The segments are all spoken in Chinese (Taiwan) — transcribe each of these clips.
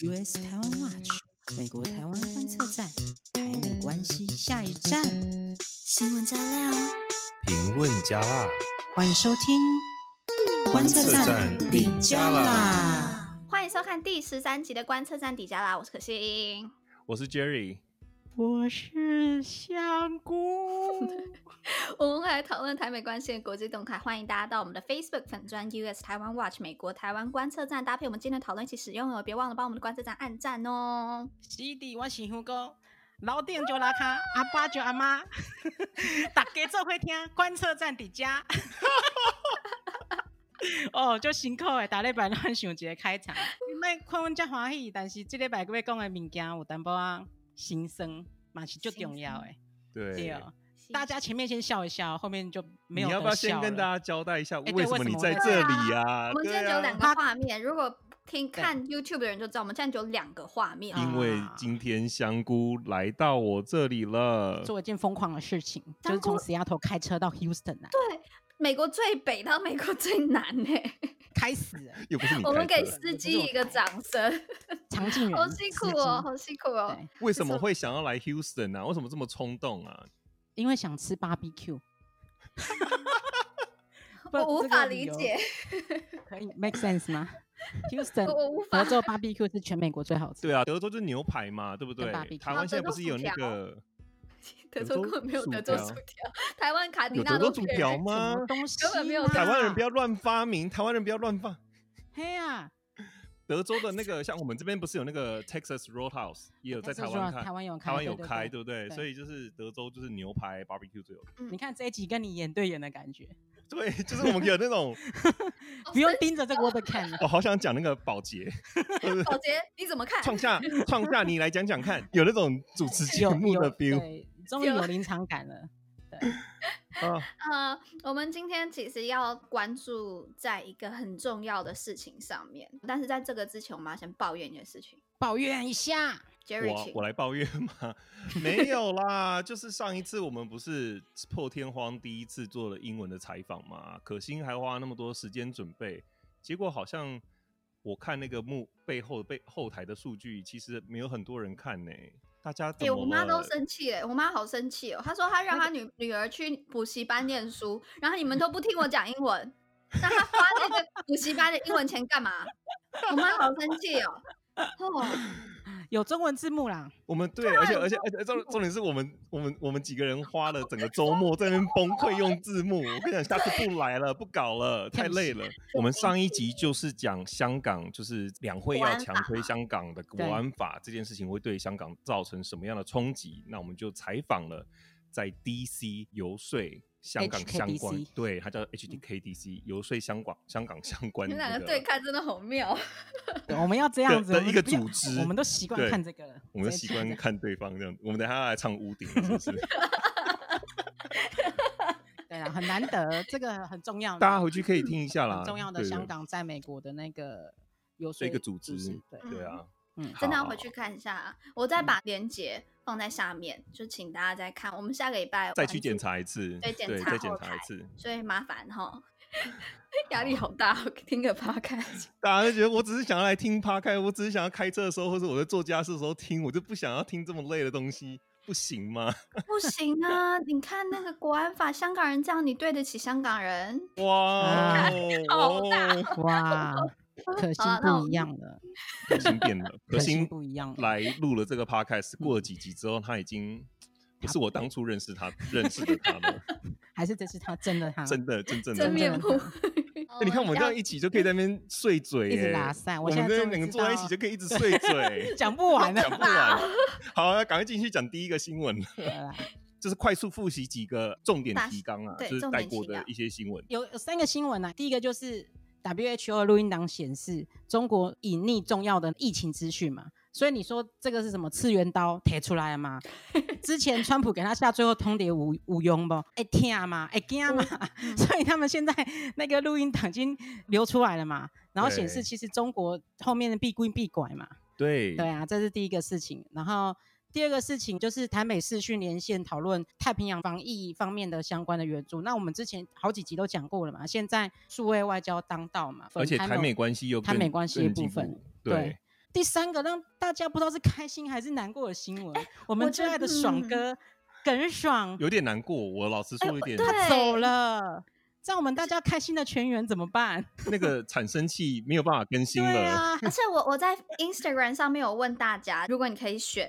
US 台灣 watch 美國台灣觀測站，台美關係下一站，新聞加量，評論加辣，歡迎收聽觀測站底加拉，歡迎收看第十三集的觀測站底加拉，我是可心，我是 Jerry。我是香菇。 我們來討論台美關係的國際動態，歡迎大家到我們的 Facebook 粉專 US 台灣 Watch 美國台灣觀測站，搭配我們今天的討論一起使用哦，別忘了幫我們的觀測站按讚哦、喔。是的，我是香菇，樓頂就樓跤，阿爸就阿媽， 大家做會聽觀測站的家。 哦，就辛苦哎，打禮拜六想一個開場，你 麥 看我這歡喜，但是這禮拜要講的物件有淡薄啊。新生，馬奇就重要哎。對，對，大家前面先笑一笑，後面就沒有。你要不要先跟大家交代一下，欸、為什麼、欸、為什麼你在這裡呀、啊啊啊啊？我們現在只有兩個畫面，如果聽看 YouTube 的人就知道，我們現在只有兩個畫面、啊。因為今天香菇來到我這裡了，做一件瘋狂的事情，就是從西雅圖開車到 Houston 啊。對，美國最北到美國最南、欸開始， 我們給司機一個掌聲。強 進人 好辛苦哦、喔，好辛苦哦。為什麼會想要來 Houston 呢、啊？為什麼這麼衝動,、啊啊、動啊？因為想吃芭比 Q。b 我無法理解。 理可以 make sense 嗎？Houston，德州芭比 Q b 是全美國最好吃的。對啊，德州就是牛排嘛，對不對？台灣現在不是有那個。啊德州沒有德州薯條，台灣卡迪那有德州薯條嗎？東西、啊、台灣人不要亂發明， 台灣人不要亂放。嘿呀、啊，德州的那個像我們這邊不是有那個 Texas Roadhouse，也有在台灣 台灣有開，台灣有，有開，對，對，對，對不對，對？所以就是德州就是牛排 BBQ a r e 最有。你看這一集跟你演對眼的感覺，對，就是我們有那種 不用盯着這個看。我 哦、好想講那個寶傑，寶傑你怎麼看？創下創下，創下你來講講看，有那種主持節目的 feel。終於有臨場感了，對、。 呃，我們今天其實要關注在一個很重要的事情上面，但是在這個之前，我們要先抱怨一件事情。抱怨一下，Jerry，我，我來抱怨嗎？沒有啦， 就是上一次我們不是破天荒第一次做了英文的採訪嘛？可心還花那麼多時間準備，結果好像我看那個幕背後背後台的數據，其實沒有很多人看呢、欸。大家、欸，我媽都生氣、欸、我媽好生氣哦、喔。她說她讓她女女兒去補習班唸書，然後你們都不聽我講英文，那 她花那個補習班的英文錢幹嘛？ 我媽好生氣哦、喔。 有中文字幕啦，我們對，對，而且而且而且重重點是我們我們我們幾個人花了整個周末在那邊崩潰用字幕。 我跟你講，下次不來了，不搞了，太累了。我們上一集就是講香港，就是兩會要強推香港的國安法，國安法，國安法這件事情會對香港造成什麼樣的衝擊？那我們就採訪了在 DC 遊說。香港相關，HKDC、對，它叫 H D K D C，遊、嗯、說香港，香港相關的。你們兩個對看真的好妙， 對，我們要這樣子一個組織，我們都習慣看這個，我們都習慣看對方這樣子， 我們等下要來唱屋頂，是不是？ 對啊，很難得，這個很重要，大家回去可以聽一下啦。很重要的香港在美國的那個遊說一、這個組織，對、嗯、對啊。嗯、真的要回去看一下，啊，我再把鏈接放在下面，嗯，就請大家再看。我們下個禮拜再去檢查一次，對，對再檢查，查一次，所以麻煩哈，壓 力好大。聽個趴開，大家都覺得我只是想要來聽趴開，我只是想要開車的時候或者我在做家事的時候聽，我就不想要聽這麼累的東西，不行嗎？不行啊！ 你看那個國安法，香港人這樣，你對得起香港人？哇，哦，好大，哦、哇！ 可心不一樣了，可心變了，可心不一樣。來錄了這個 podcast，過了幾集之後，他已經不是我當初認識他，認識的他了。 還是這是他真的他，真的真正的真面目。你看我們這樣一起就可以在那邊碎嘴，一直拉塞，我們兩個坐在一起就可以一直碎嘴，欸，講不完了，講不完。好，啊，趕快進去講第一個新聞，就是快速複習幾個重點提綱啊，就是帶過的一些新聞。有有三個新聞啊，第一個就是。WHO 錄音檔，顯示中國隱匿重要的疫情資訊嘛，所以你說這個是什麼次元刀貼出來了嘛？ 之前川普給他下最後通牒，無無用不，會痛嘛，會驚嘛， 所以他們現在那個錄音檔已經流出來了嘛，然後顯示其實中國後面的必歸必拐嘛。對對啊，這是第一個事情，然後。第二個事情就是台美視訊連線討論太平洋防疫方面的相關的援助。那我們之前好幾集都講過了嘛，現在數位外交當道嘛，而且台美關係又台美關係的一部分對。對，第三個讓大家不知道是開心還是難過的新聞、欸，我們最愛的爽哥、嗯、耿爽有點難過。我老實說一點，欸、他走了，這樣我們大家開心的泉源怎麼辦？ 那個產生器沒有辦法更新了。對啊，而且我我在 Instagram 上面有問大家，如果你可以選。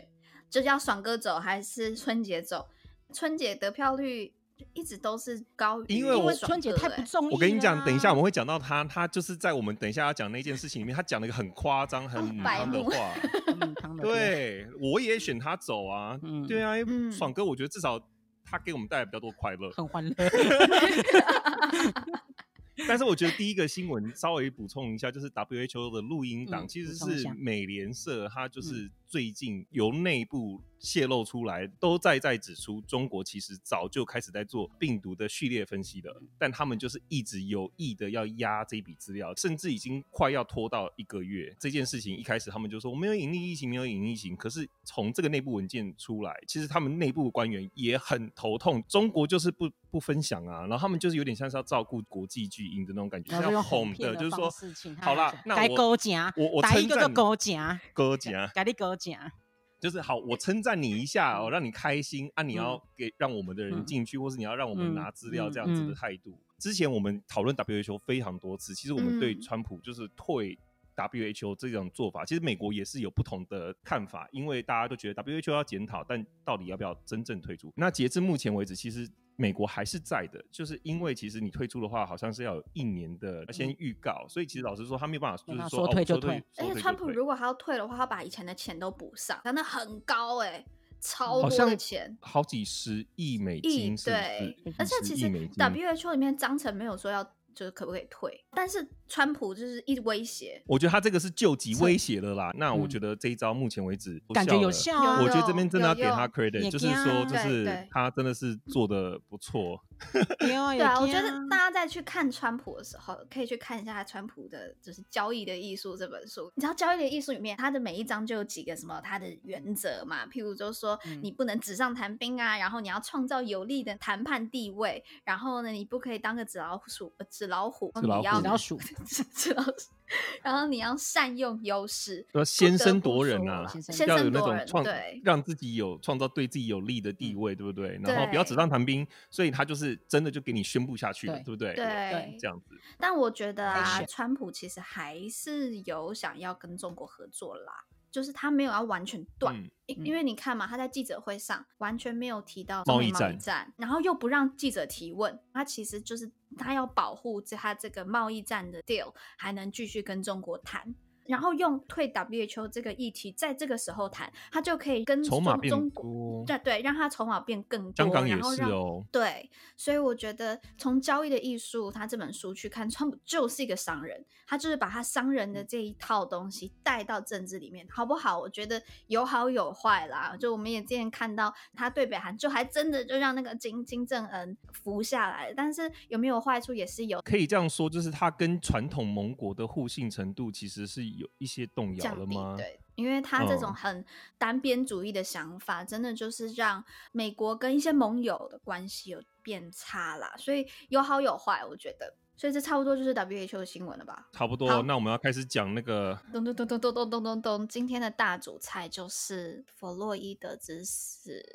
就叫爽哥走還是春節走？春節得票率一直都是高，因為，我、因為、欸、春節太不綜藝、啊、我跟你講，等一下我們會講到他，他就是在我們等一下要講的那件事情裡面，他講了一個很誇張、嗯、很白的話、嗯。對，我也選他走啊。嗯、對啊，嗯、爽哥，我覺得至少他給我們帶來比較多快樂，很歡樂。 但是我覺得第一個新聞稍微補充一下，就是 WHO 的錄音檔其實是美聯社，它就是最近由內部，泄露出來，都在在指出中國其實早就開始在做病毒的序列分析的，但他們就是一直有意的要壓這筆資料，甚至已經快要拖到一個月。這件事情一開始他們就說我沒有隱匿疫情，沒有隱匿疫情。可是從這個內部文件出來，其實他們內部官員也很頭痛。中國就是不不分享啊，然後他們就是有點像是要照顧國際巨嬰的那種感覺，要哄的，的，就是說，好啦，該高價，我我承認，高價，高價，給你高價。就是好，我稱讚你一下哦，讓你開心啊！你要給讓我們的人進去，嗯，或是你要讓我們拿資料這樣子的態度，嗯嗯嗯。之前我們討論 WHO 非常多次，其實我們對川普就是退 WHO 這種做法，嗯，其實美國也是有不同的看法，因為大家都覺得 WHO 要檢討，但到底要不要真正退出？那截至目前為止，其實。美國還是在的，就是因為其實你退出的話，好像是要有一年的先預告、嗯，所以其實老實說，他沒有辦法，就是說、嗯、說退就退。哦、退而且，川普如果他要退的話，他把以前的錢都補上，真的很高哎、欸，超多的錢，好，好幾十億美金，對，是不是、對、幾十億美金，而且其實，WHO 裡面章程沒有說要。就是可不可以退？但是川普就是一直威脅，我覺得他這個是救急威脅了啦。那我覺得這一招目前為止、嗯、感覺有效、啊有啊有，我覺得這邊真的要給他 credit，有、啊、有就是說就是他真的是做得不錯，有、啊、有，對、對、對，他真的是做得不錯。 對啊，我覺得大家在去看川普的時候，可以去看一下《川普的》就是《交易的藝術》這本書。你知道《交易的藝術》裡面，它的每一章就有幾個什麼它的原則嘛？譬如就是說，說，你不能紙上談兵啊，然後你要創造有利的談判地位，然後呢，你不可以當個紙老鼠、呃、紙老虎，你要。紙老鼠 紙老鼠 然後你要善用優勢，啊，先聲奪人啊，要有那種創，讓自己有創造對自己有利的地位，對不對？對。然後不要紙上談兵，所以他就是真的就給你宣布下去了，對，對不，對，對，不對，對，對？對，這樣子。但我覺得啊，川普其實還是有想要跟中國合作啦，啊。就是他沒有要完全斷、嗯，因為你看嘛，他在記者會上完全沒有提到中美貿易戰，然後又不讓記者提問，他其實就是他要保護他這個貿易戰的 deal 還能繼續跟中國談。然後用退 WHO 這個議題，在這個時候談，他就可以跟中，籌碼變多中國對對，讓他籌碼變更多，香港也是、哦。對，所以我覺得從交易的藝術，他這本書去看，川普就是一個商人，他就是把他商人的這一套東西帶到政治裡面，好不好？我覺得有好有壞啦。就我們也之前看到，他對北韓就還真的就讓那個金金正恩服下來，但是有沒有壞處也是有。可以這樣說，就是他跟傳統盟國的互信程度其實是。有一些動搖了嗎？對，因為他這種很單邊主義的想法、嗯，真的就是讓美國跟一些盟友的關係有變差啦，所以有好有壞，我覺得。所以這差不多就是 WHO 的新聞了吧？差不多，那我們要開始講那個。咚咚咚咚咚咚咚咚，今天的大主菜就是弗洛伊德之死。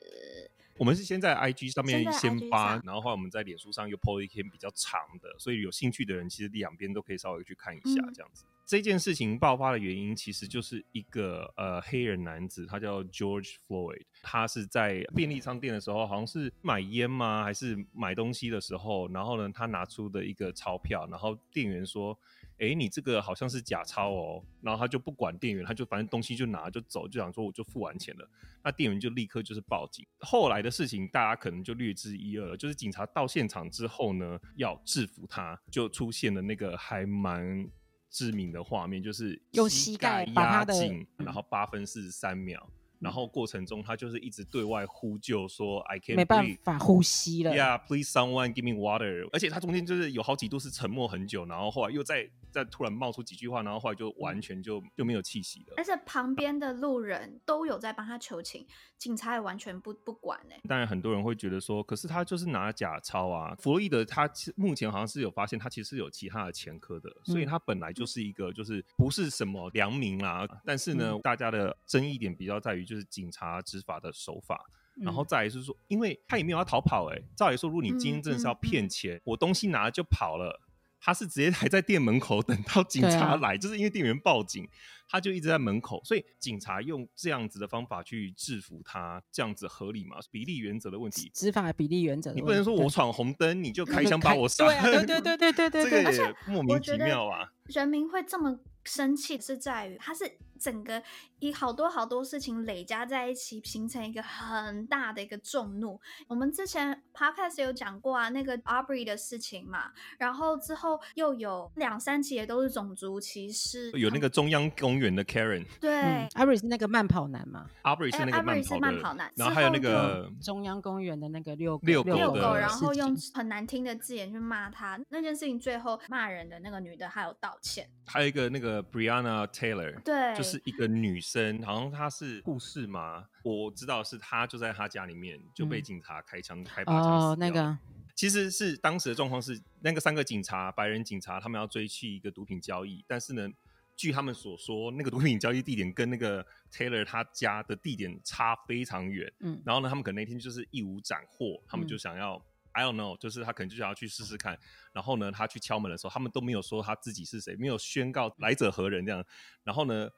我們是先在 I G 上面先發，然後後來我們在臉書上又 PO 一篇比較長的，所以有興趣的人其實兩邊都可以稍微去看一下，這樣子。嗯這件事情爆發的原因，其實就是一個呃黑人男子，他叫 George Floyd，他是在便利商店的時候，好像是買菸嗎？還是買東西的時候？然後呢，他拿出的一個鈔票，然後店員說：“哎，你這個好像是假鈔哦。”然後他就不管店員，他就反正東西就拿就走，就想說我就付完錢了。那店員就立刻就是報警。後來的事情大家可能就略知一二了，就是警察到現場之後呢，要制服他，就出現了那個還蠻致命的畫面，就是用膝蓋壓他的，然後八分四十三秒、嗯，然後過程中他就是一直對外呼救說 “I can't breathe”，沒辦法呼吸了。Yeah, please someone give me water。嗯、而且他中間就是有好幾度是沉默很久，然後後來又在。再突然冒出幾句話，然後後來就完全就、嗯、就沒有氣息了。而且旁邊的路人都有在幫他求情，警察也完全不不管哎、欸。當然，很多人會覺得說，可是他就是拿假鈔啊。弗洛伊德，他目前好像是有發現他其實是有其他的前科的，所以他本來就是一個就是不是什麼良民啦、啊嗯。但是呢、嗯，大家的爭議點比較在於就是警察執法的手法、嗯，然後再來是說，因為他也沒有要逃跑哎、欸。照理說，如果你真正是要騙錢嗯嗯嗯，我東西拿了就跑了。他是直接還在店門口等到警察來、啊，就是因為店員報警，他就一直在門口，所以警察用這樣子的方法去制服他，這樣子合理嗎？比例原則的問題，執法的比例原則，你不能說我闖紅燈你就開槍把我殺。對。對啊、對，對對對對對對對對，這個也莫名其妙啊！人民會這麼生氣是在於他是。整個一好多好多事情累加在一起，形成一個很大的一個眾怒。我們之前 Podcast 有講過啊，那個 Arbery 的事情嘛，然後之後又有兩三起也都是種族歧視，有那個中央公園的 Karen，對、嗯嗯，Arbery 是那個慢跑男嘛，Arbery 是那個慢跑，是慢跑男，然後還有那個中央公園的那個遛遛狗、狗、狗，然後用很難聽的字眼去罵他，那件事情最後罵人的那個女的還有道歉，還有一個那個 Breonna Taylor，對，就是。是一個女生，好像她是護士嘛，我知道是她，就在她家裡面、嗯、就被警察開槍開八槍死掉哦，那個其實是當時的狀況是，那個三個警察，白人警察，他們要追去一個毒品交易，但是呢，據他們所說，那個毒品交易地點跟那個 Taylor 他家的地點差非常遠。嗯，然後呢，他們可能那天就是一無斬獲，他們就想要、嗯、I don't know，就是他可能就想要去試試看。然後呢，他去敲門的時候，他們都沒有說他自己是誰，沒有宣告來者何人這樣。然後呢，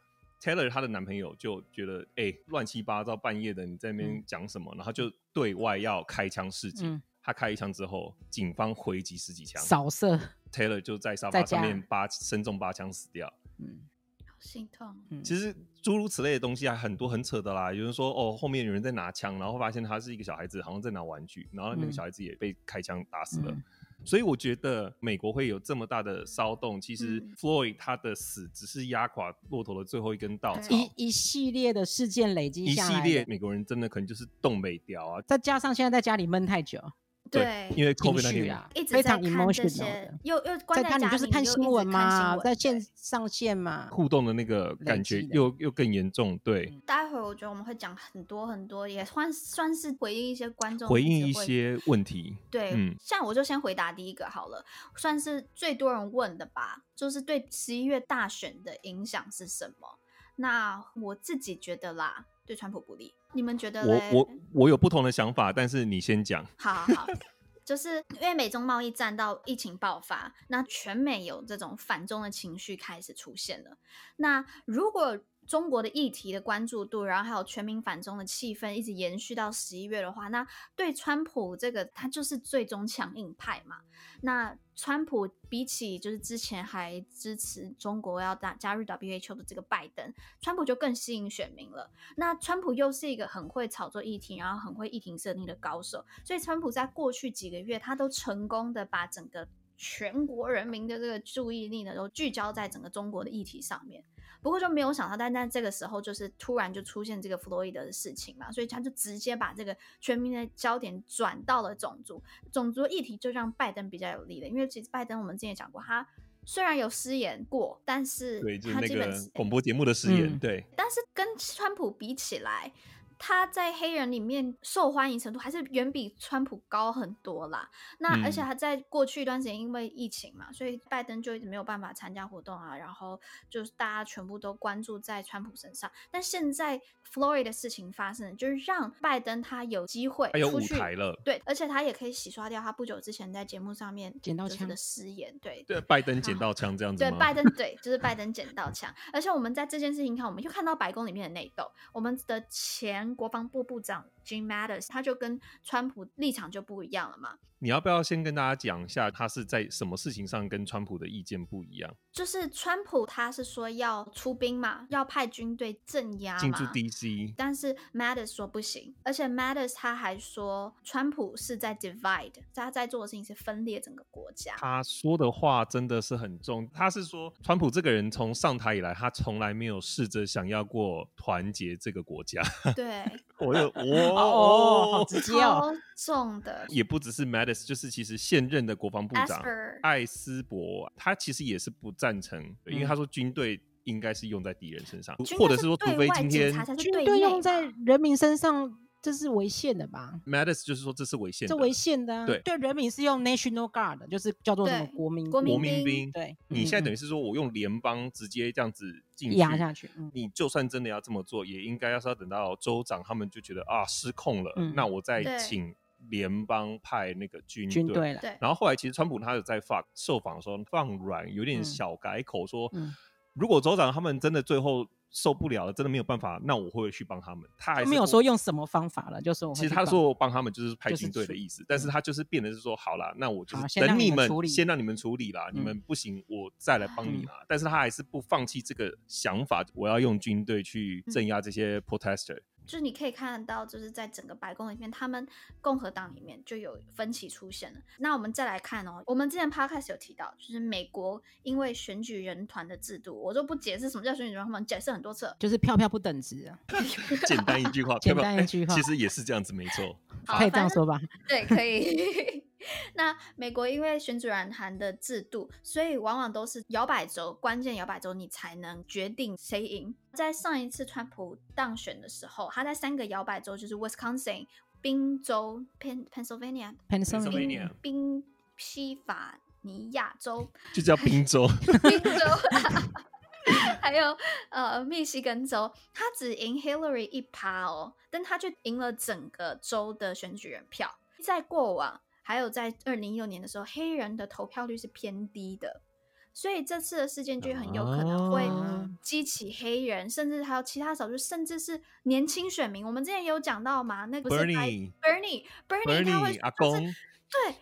Taylor 她的男朋友就覺得哎、欸、亂七八糟，半夜的你在那邊講什麼，嗯，然後就對外要開槍示警、嗯。他開一槍之後，警方回擊十幾槍掃射，Taylor 就在沙發上面八身中八槍死掉，嗯。好心痛。嗯，其實諸如此類的東西還很多很扯的啦。有人說哦，後面有人在拿槍，然後發現他是一個小孩子，好像在拿玩具，然後那個小孩子也被開槍打死了。嗯嗯所以我覺得美國會有這麼大的騷動，其實 Floyd 他的死只是壓垮駱駝的最後一根稻草，嗯、一一系列的事件累積下來，一系列美國人真的可能就是凍未條啊，再加上現在在家裡悶太久。對，對，因為封閉在一直在 e 這些又又關在家裡，就是看新聞嘛，新，在線上線嘛，互動的那個感覺又又更嚴重。對，嗯，待會兒我覺得我們會講很多很多，也算算是回應一些觀眾，回應一些問題。對，嗯，像我就先回答第一個好了，嗯，算是最多人問的吧，就是對十一月大選的影響是什麼？那我自己覺得啦。對川普不利，你們覺得？我我我有不同的想法，但是你先講。好，好好好。 就是因為美中貿易戰到疫情爆發，那全美有這種反中的情緒開始出現了。那如果中國的議題的關注度，然後還有全民反中的氣氛，一直延續到十一月的話，那對川普這個他就是最終強硬派嘛。那川普比起就是之前還支持中國要打加入 WHO 的這個拜登，川普就更吸引選民了。那川普又是一個很會炒作議題，然後很會議題設定的高手，所以川普在過去幾個月，他都成功的把整個全國人民的這個注意力呢，都聚焦在整個中國的議題上面。不過就沒有想到，但在這個時候就是突然就出現這個弗洛伊德的事情嘛，所以他就直接把這個全民的焦點轉到了種族，種族的議題就讓拜登比較有利的，因為其實拜登我們之前也講過，他雖然有失言過，但是他基本廣播節目的失言、嗯、對，但是跟川普比起來。他在黑人裡面受歡迎程度還是遠比川普高很多啦。那而且他在過去一段時間因為疫情嘛、嗯，所以拜登就一直沒有辦法參加活動啊。然後就是大家全部都關注在川普身上。但現在 Floyd 的事情發生，就是讓拜登他有機會有、哎、舞台了。對，而且他也可以洗刷掉他不久之前在節目上面的失言撿到。對對，對，拜登撿到槍這樣子。對，拜登對，就是拜登撿到槍。 而且我們在這件事情看，我們又看到白宮裡面的內鬥。我們的錢。國防部部長。Jim Mattis 他就跟川普立場就不一樣了嘛。你要不要先跟大家講一下，他是在什麼事情上跟川普的意見不一樣？就是川普他是說要出兵嘛，要派軍隊鎮壓進駐 DC，但是 Mattis 說不行。而且 Mattis 他還說，川普是在 divide，他在做的事情是分裂整個國家。他說的話真的是很重，他是說川普這個人從上台以來，他從來沒有試着想要過團結這個國家。對， 我有我。 哦，好直接哦、啊 oh, oh, oh, oh.，重的也不只是 Mattis 就是其實現任的國防部長、Asper. 艾斯伯，他其實也是不贊成、嗯，因為他說軍隊應該是用在敵人身上、嗯，或者是說除非今天軍隊用在人民身上。這是違憲的吧？Madis 就是說這是違憲的，這違憲的、啊。對對，人民是用 National Guard，就是叫做什麼國民國民兵，國民兵。對，你現在等於是說我用聯邦直接這樣子進壓下去嗯嗯。你就算真的要這麼做，也應該是要等到州長他們就覺得啊失控了、嗯，那我再請聯邦派那個軍隊。然後後來其實川普他有在受訪的時候放受訪說放軟，有點小改口說、嗯嗯，如果州長他們真的最後。受不了了，真的沒有辦法，那我會，會去幫他們他還是。他沒有說用什麼方法了，就是我其實他說我幫他們就是派軍隊的意思，就是，但是他就是變的是說，好啦，那我就等你們，先讓你們處理了，嗯，你們不行我再來幫你啦，嗯。但是他還是不放棄這個想法，我要用軍隊去鎮壓這些 protester。嗯嗯就是你可以看到，就是在整個白宮裡面，他們共和黨裡面就有分歧出現了。那我們再來看哦，我們之前 p 開始有提到，就是美國因為選舉人團的制度，我都不解釋什麼叫選舉人團，我們解釋很多次，就是票票不等值啊。 簡單一句話， 簡單一句話， 一句話、 欸，其實也是這樣子沒，沒 錯，可以這樣說吧？ 對，可以。 那美國因為選舉人團的制度，所以往往都是搖擺州，關鍵搖擺州你才能決定誰贏。在上一次川普當選的時候，他在三個搖擺州，就是 Wisconsin、賓州，Pen, Pennsylvania, Pennsylvania、Pennsylvania、賓西法尼亞州，就叫賓州，賓 賓州， 還有呃密西根州，他只贏 Hillary 一趴哦，但他卻贏了整個州的選舉人票。在過往。還有在二零一六年的時候，黑人的投票率是偏低的，所以這次的事件就很有可能會、啊嗯、激起黑人，甚至還有其他少數，甚至是年輕選民。我們之前有講到嘛？那個是白 Bernie Bernie Bernie，他會，他是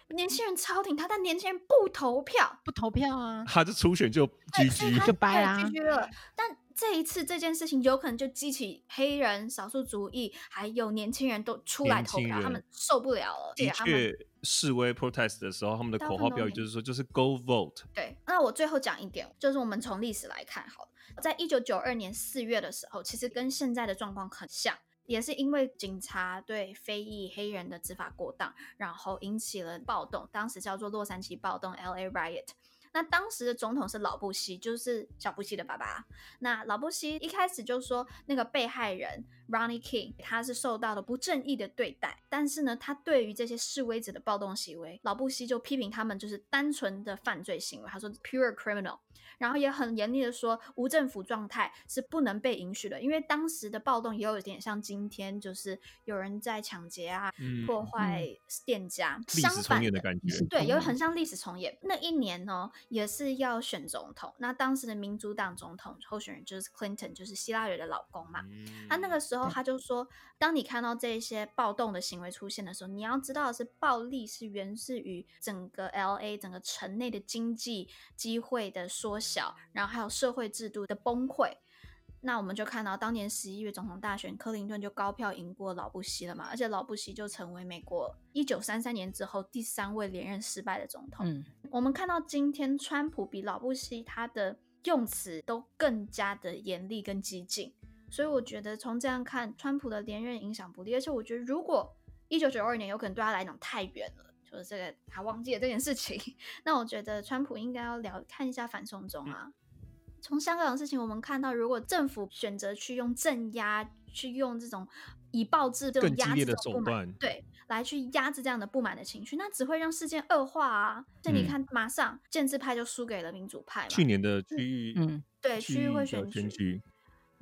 對年輕人超挺他，但年輕人不投票，不投票啊，他就初選就 GG 就掰了，了、啊，但。這一次這件事情有可能就激起黑人少數族裔還有年輕人都出來投票，他們受不了了。的確，示威 protest 的時候，他們的口號標語就是說，就是 Go Vote。對，那我最後講一點，就是我們從歷史來看，好了，在一九九二年四月的時候，其實跟現在的狀況很像，也是因為警察對非裔黑人的執法過當，然後引起了暴動，當時叫做洛杉磯暴動 （LA Riot）。那當時的總統是老布希，就是小布希的爸爸。那老布希一開始就說，那個被害人 Ronnie King，他是受到了不正義的對待。但是呢，他對於這些示威者的暴動行為，老布希就批評他們就是單純的犯罪行為，他說 pure criminal。然後也很嚴厲的說，無政府狀態是不能被允許的，因為當時的暴動也有一點像今天，就是有人在搶劫啊，嗯、破壞店家，歷史重演的感覺。對，有很像歷史重演。那一年呢、喔？也是要選總統。那當時的民主黨總統候選人就是 Clinton，就是希拉裡的老公嘛，嗯。他那個時候他就說，當你看到這一些暴動的行為出現的時候，你要知道的是，暴力是源自於整個 LA 整個城內的經濟機會的縮小，然後還有社會制度的崩潰。那我們就看到，當年十一月總統大選，克林頓就高票贏過老布希了嘛，而且老布希就成為美國一九三三年之後第三位連任失敗的總統。嗯。我們看到今天川普比老布希他的用詞都更加的嚴厲跟激進，所以我覺得從這樣看，川普的連任影響不利。而且我覺得，如果一九九二年有可能對他來講太遠了，就是這個他忘記了這件事情。那我覺得川普應該要聊看一下反送中啊。嗯從香港的事情，我們看到，如果政府選擇去用鎮壓，去用這種以暴制，這種壓制、這種不滿，更激烈的手段，對，來去壓制這樣的不滿的情緒，那只會讓事件惡化啊！這你看，馬上建制派就輸給了民主派嘛，嗯，去年的區域嗯，嗯，對，區域會選舉。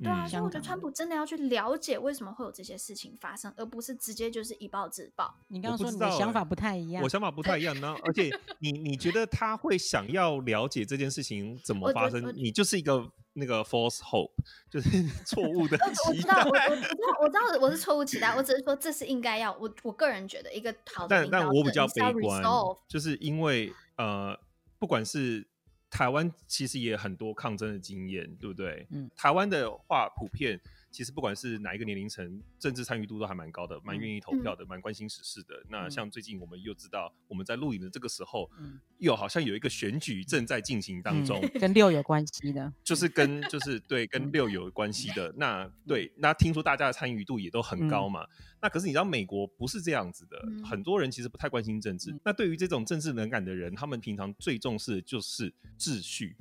對啊，所以我覺得川普真的要去了解為什麼會有這些事情發生，嗯、而不是直接就是以暴制暴。你剛剛說、欸、你的想法不太一樣，我想法不太一樣 然後而且你你覺得他會想要了解這件事情怎麼發生？就是、你就是一個那個 false hope，就是錯誤的期待。我，我知道，我我知道，我知道我是錯誤期待。我只是說，這是應該要我我個人覺得一個好的領導但,但我比較悲觀就是因為呃，不管是。台灣其實也很多抗爭的經驗，對不對？嗯，台灣的話普遍。其實不管是哪一個年齡層，政治參與度都還蠻高的，蠻願意投票的，蠻、嗯、關心時事的、嗯。那像最近我們又知道，我們在錄影的這個時候、嗯，又好像有一個選舉正在進行當中、嗯，跟六有關係的，就是跟就是對，跟六有關係的。嗯、那對，那聽說大家的參與度也都很高嘛。嗯、那可是你知道，美國不是這樣子的、嗯，很多人其實不太關心政治。嗯、那對於這種政治冷感的人，他們平常最重視的就是秩序。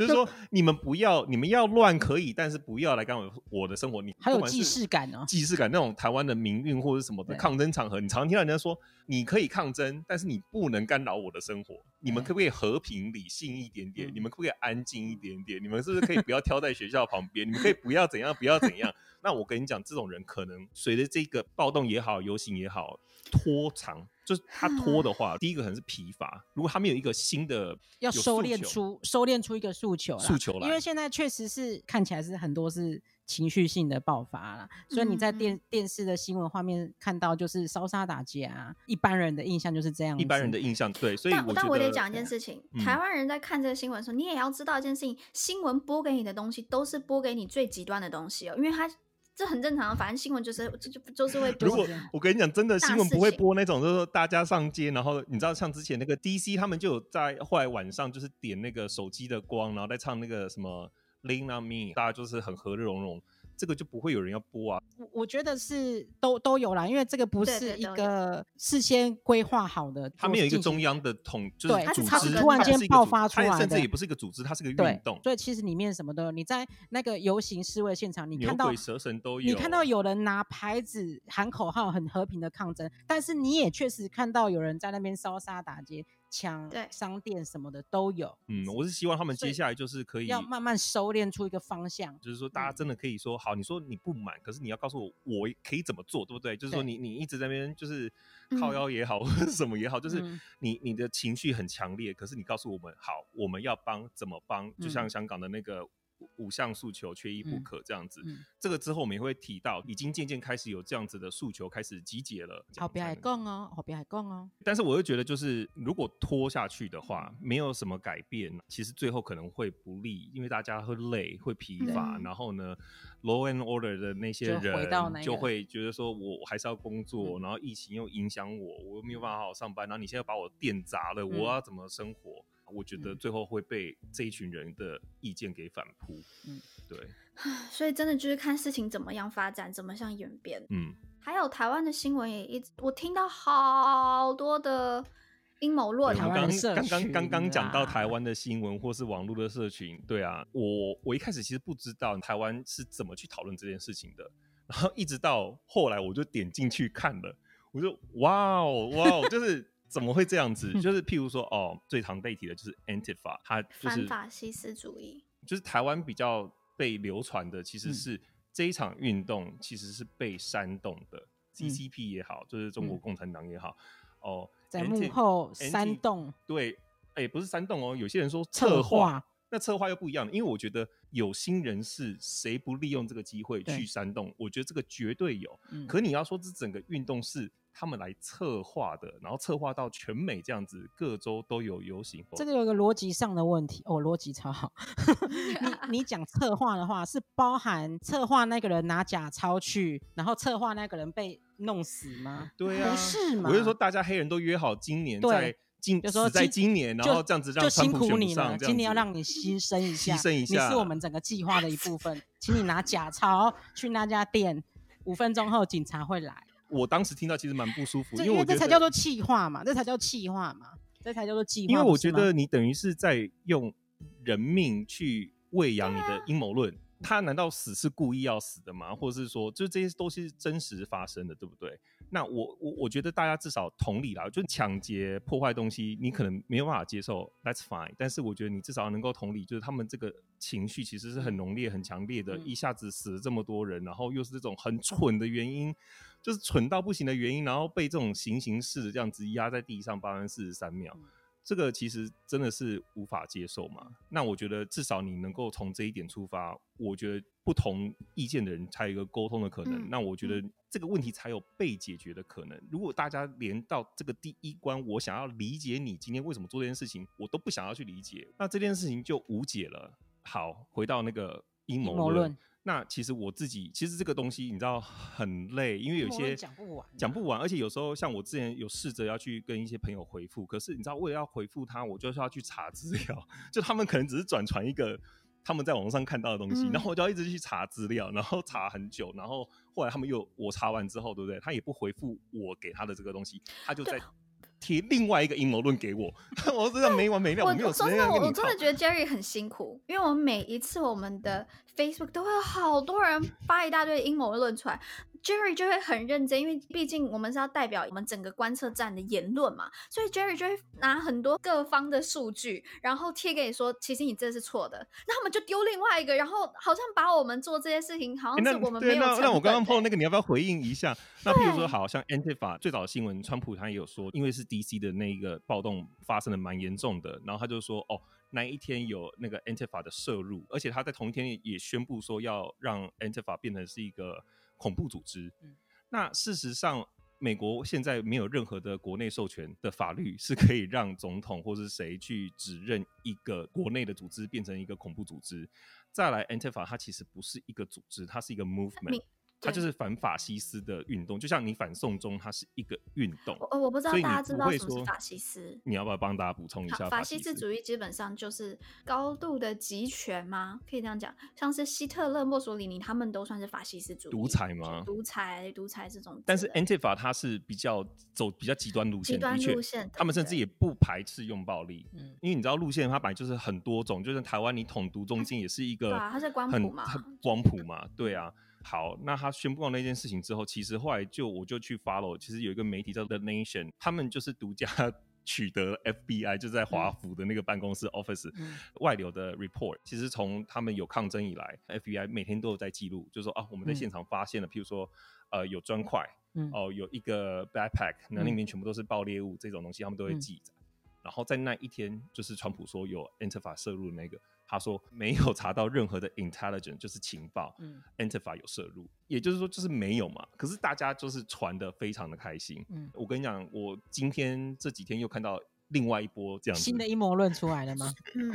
就是說就，你們不要，你們要亂可以，但是不要來干擾我的生活。你還有既視感哦，既視感，啊，既視感那種台灣的民運或者什麼的抗爭場合，你常聽到人家說，你可以抗爭，但是你不能干擾我的生活。你們可不可以和平理性一點點？你們可不可以安靜一點點、嗯？你們是不是可以不要挑在學校旁邊？ 你們可以不要怎樣？ 不要怎樣？ 那我跟你講，這種人可能隨着這個暴動也好，遊行也好，拖長。就是他拖的話、嗯，第一個可能是疲乏。如果他沒有一個新的，要收斂出收斂出一個訴求訴求來，因為現在確實是看起來是很多是情緒性的爆發啦。嗯嗯，所以你在電電視的新聞畫面看到就是燒殺打劫啊，一般人的印象就是這樣。一般人的印象對，所以但我但我得講一件事情，嗯、台灣人在看這個新聞的時候，你也要知道一件事情，新聞播給你的東西都是播給你最極端的東西哦，因為他。這很正常，反正新聞就是這就就是會播。 如果我跟你講，真的新聞不會播那種，就是說大家上街，然後你知道像之前那個 DC，他們就有在後來晚上就是點那個手機的光，然後在唱那個什麼《Lean on Me》，大家就是很和樂融融。這個就不會有人要播啊！我我覺得是都都有啦，因為這個不是一個事先規劃好的。它沒有一個中央的統，就是它突然間爆發出來的，它甚至也不是一個組織，它是個運動，對。所以其實裡面什麼都有。你在那個遊行示威現場，你看到牛鬼蛇神都有，你看到有人拿牌子喊口號，很和平的抗爭，但是你也確實看到有人在那邊燒殺打劫。槍、對、商店什麼的都有。嗯，我是希望他們接下來就是可以，所以要慢慢收斂出一個方向，就是說大家真的可以說、嗯、好，你說你不滿，可是你要告訴我我可以怎麼做，對不對？對，就是說你你一直在那邊就是靠腰也好、嗯，或者什麼也好，就是你你的情緒很強烈，可是你告訴我們好，我們要幫怎麼幫？就像香港的那個。五項訴求缺一不可，這樣子、嗯嗯，這個之後我們也會提到，已經漸漸開始有這樣子的訴求開始集結了。好別愛講哦，好別愛講哦。但是我又覺得，就是如果拖下去的話、嗯，沒有什麼改變，其實最後可能會不利，因為大家會累、會疲乏，然後呢，Law and order 的那些人就會覺得說我還是要工作，然後疫情又影響我，我又沒有辦法好好上班，然後你現在把我店砸了，我要怎麼生活？嗯我覺得最後會被這一群人的意見給反撲，嗯，對，所以真的就是看事情怎麼樣發展，怎麼樣演變。嗯，還有台灣的新聞也一直，我聽到好多的陰謀論，台灣的社群。剛剛剛剛講到台灣的新聞或是網絡的社群，對啊，我我一開始其實不知道台灣是怎麼去討論這件事情的，然後一直到後來我就點進去看了，我就哇哦哇哦，就是。 怎麼會這樣子、嗯？就是譬如說，哦，最常被提的就是 Antifa 他反、就是、法西斯主義，就是台灣比較被流傳的，其實是、嗯、這一場運動其實是被煽動的 C、嗯、CP 也好，就是中國共產黨也好、嗯，哦，在幕後 Ant, 煽動。Ant, 對，哎、欸，不是煽動哦，有些人說策劃。策劃那策劃又不一樣，因為我覺得有心人士誰不利用這個機會去煽動？我覺得這個絕對有。嗯、可你要說這整個運動是他們來策劃的，然後策劃到全美這樣子，各州都有遊行。這個有一個邏輯上的問題哦，邏輯超好 你你講策劃的話，是包含策劃那個人拿假鈔去，然後策劃那個人被弄死嗎？欸、對啊，不是嘛，我就說，大家黑人都約好今年在。今就說在今年，然後這樣子讓，就辛苦你了，今年要讓你犧牲一下，犧牲一下，你是我們整個計劃的一部分， 請你拿假鈔 去那家店，五分鐘後警察會來。我當時聽到其實蠻不舒服因，因為這才叫做氣話嘛，這才叫氣話嘛，這才叫做計劃。因為我覺得你等於是在用人命去餵養你的陰謀論。他難道死是故意要死的嗎？或者是說，就是這些都是真實發生的，對不對？那我我我覺得大家至少同理啦，就是搶劫破壞東西，你可能沒有辦法接受，that's fine。但是我覺得你至少能夠同理，就是他們這個情緒其實是很濃烈、很強烈的，嗯，一下子死了這麼多人，然後又是這種很蠢的原因，就是蠢到不行的原因，然後被這種行刑式這樣子壓在地上八分四十三秒。嗯。這個其實真的是無法接受嘛。那我覺得至少你能夠從這一點出發，我覺得不同意見的人才有一個溝通的可能，嗯。那我覺得這個問題才有被解決的可能。如果大家連到這個第一關，我想要理解你今天為什麼做這件事情，我都不想要去理解，那這件事情就無解了。好，回到那個陰謀論。那其實我自己，其實這個東西你知道很累，因為有些講不完、啊，講不完，而且有時候像我之前有試着要去跟一些朋友回復，可是你知道為了要回復他，我就是要去查資料，就他們可能只是轉傳一個他們在網上看到的東西，嗯、然後我就要一直去查資料，然後查很久，然後後來他們又我查完之後，對不對？他也不回復我給他的這個東西，他就在。嗯提另外一個陰謀論給我。 我真的沒完沒了，我沒有時間跟你吵。我，我真的覺得 Jerry 很辛苦，因為我們每一次我們的 Facebook 都會有好多人發一大堆陰謀論出來。Jerry 就會很認真，因為畢竟我們是要代表我們整個觀測站的言論嘛，所以 Jerry 就會拿很多各方的數據，然後貼給你說，其實你這是錯的。那他們就丟另外一個，然後好像把我們做這些事情，好像是我們沒有、欸欸。那，那我剛剛碰到那個，你要不要回應一下？那比如說，好像 Antifa 最早的新聞，川普他也有說，因為是 DC 的那一個暴動發生的蠻嚴重的，然後他就說，哦，那一天有那個 Antifa 的涉入，而且他在同一天也宣布說要讓 Antifa 變成是一個。恐怖組織。嗯，那事實上，美國現在沒有任何的國內授權的法律是可以讓總統或是誰去指認一個國內的組織變成一個恐怖組織。再來，Antifa 它其實不是一個組織，它是一個 movement。它就是反法西斯的運動，就像你反送中，它是一個運動。哦，我不知道，大家知不知道什麼是法西斯？你要不要幫大家補充一下法？法西斯主義基本上就是高度的集權嘛，可以這樣講。像是希特勒、墨索里尼，他們都算是法西斯主義獨裁嗎？獨裁、獨裁這種。但是 Antifa 它是比較走比較極端路線，極端路線的確，他們甚至也不排斥用暴力。嗯，因為你知道路線，它本來就是很多種，就是台灣你統獨中間也是一個很，它是光譜嘛，光譜嘛，對啊。好，那他宣布了那件事情之後，其實後來就我就去 follow，其實有一個媒體叫 The Nation，他們就是獨家取得 FBI、嗯、就在華府的那個辦公室 office、嗯、外流的 report。其實從他們有抗爭以來，FBI 每天都有在記錄，就說啊我們在現場發現了，嗯、譬如說呃有磚塊，哦、嗯呃、有一個 backpack，那裡面全部都是爆裂物、嗯、這種東西，他們都會記載、嗯。然後在那一天就是川普說有 Antifa 涉入的那個。他說沒有查到任何的 intelligence，就是情報，嗯，Antifa 有涉入，也就是說就是沒有嘛。可是大家就是傳得非常的開心。嗯，我跟你講，我今天這幾天又看到另外一波這樣新的陰謀論出來了嗎？ 嗯、